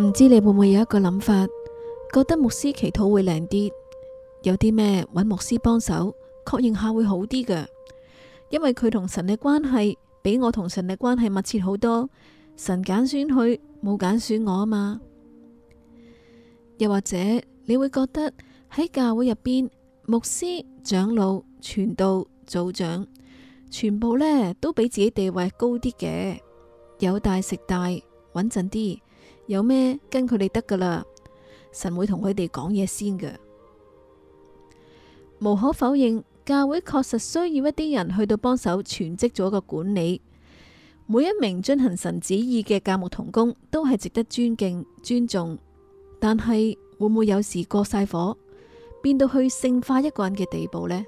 唔知你會唔會有一個諗法，覺得牧師祈禱會靚啲，有啲咩揾牧師幫手確認下會好啲嘅，因為佢同神嘅關係比我同神嘅關係密切好多，神揀選佢冇揀選我啊嘛。又或者你會覺得喺教會入邊，牧師、長老、傳道、組長，全部呢都比自己地位高啲嘅，有大食大穩陣啲。有咩跟佢哋得噶啦？神會同佢哋講嘢先嘅。無可否認，教會確實需要一啲人去到幫手全職做一個管理。每一名遵行神旨意嘅教牧同工都係值得尊敬尊重，但係會唔會有時過晒火，變到去聖化一個人嘅地步呢？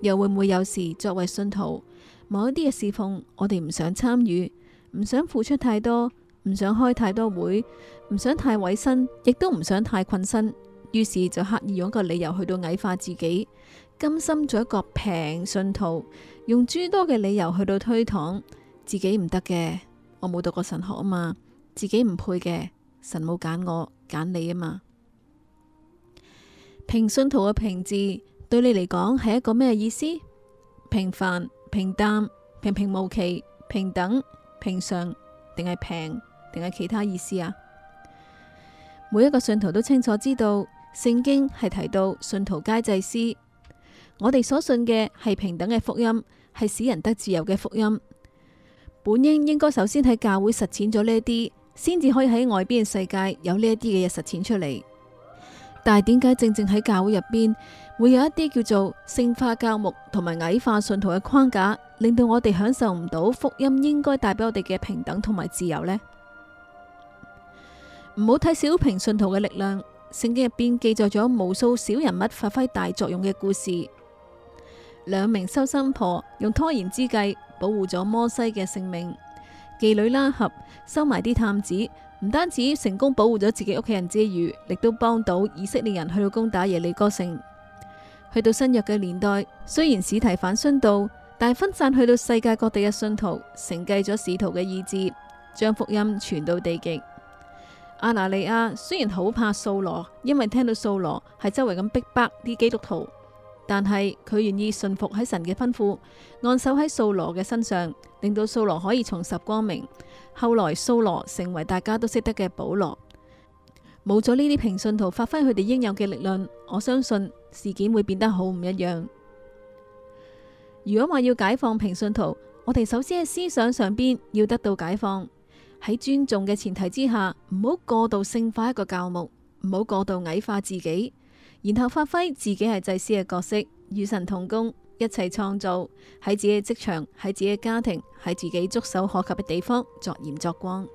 又會唔會有時作為信徒某一啲嘅侍奉，我哋唔想參與，唔想付出太多。唔想開太多會，唔想太委身，亦都唔想太困身，於是就刻意用一個理由去到矮化自己，甘心做一個平信徒，用諸多嘅理由去到推搪自己唔得嘅。我冇讀過神學啊嘛，自己唔配嘅，神冇揀我揀你啊嘛。平信徒嘅平字對你嚟講係一個咩意思？平凡、平淡、平平無奇、平等、平常，定係平？定係其他意思啊？每一個信徒都清楚知道，聖經係提到信徒皆祭司。我哋所信嘅係平等嘅福音，係使人得自由嘅福音。本應應該首先喺教會實踐咗呢一啲，先至可以喺外邊嘅世界有呢一啲嘅嘢實踐出嚟。但係點解正正喺教會入邊會有一啲叫做聖化教牧同埋矮化信徒嘅框架，令到我哋享受唔到福音應該帶俾我哋嘅平等同埋自由呢？唔好睇小平信徒嘅力量，聖經入邊記載咗無數小人物發揮大作用嘅故事。兩名收生婆用拖延之計保護咗摩西嘅性命；妓女拉合收埋啲探子，唔單止成功保護咗自己屋企人之餘，亦都幫到以色列人去到攻打耶利哥城。去到新約嘅年代，雖然史提反殉道，但係分散去到世界各地嘅信徒，承繼咗使徒嘅意志，將福音傳到地極。阿拿利亞雖然好怕掃羅，因為聽到掃羅係周圍咁逼迫啲基督徒，但係佢願意順服喺神嘅吩咐，按手喺掃羅嘅身上，令到掃羅可以重拾光明。後來掃羅成為大家都識得嘅保羅。冇咗呢啲平信徒發揮佢哋應有嘅力量，我相信事件會變得好唔一樣。如果話要解放平信徒，我哋首先喺思想上邊要得到解放。喺尊重嘅前提之下，唔好過度聖化一個教目，唔好過度矮化自己，然後發揮自己係祭司嘅角色，與神同工，一齊創造，喺自己嘅職場、喺自己嘅家庭、喺自己觸手可及嘅地方，作鹽作光。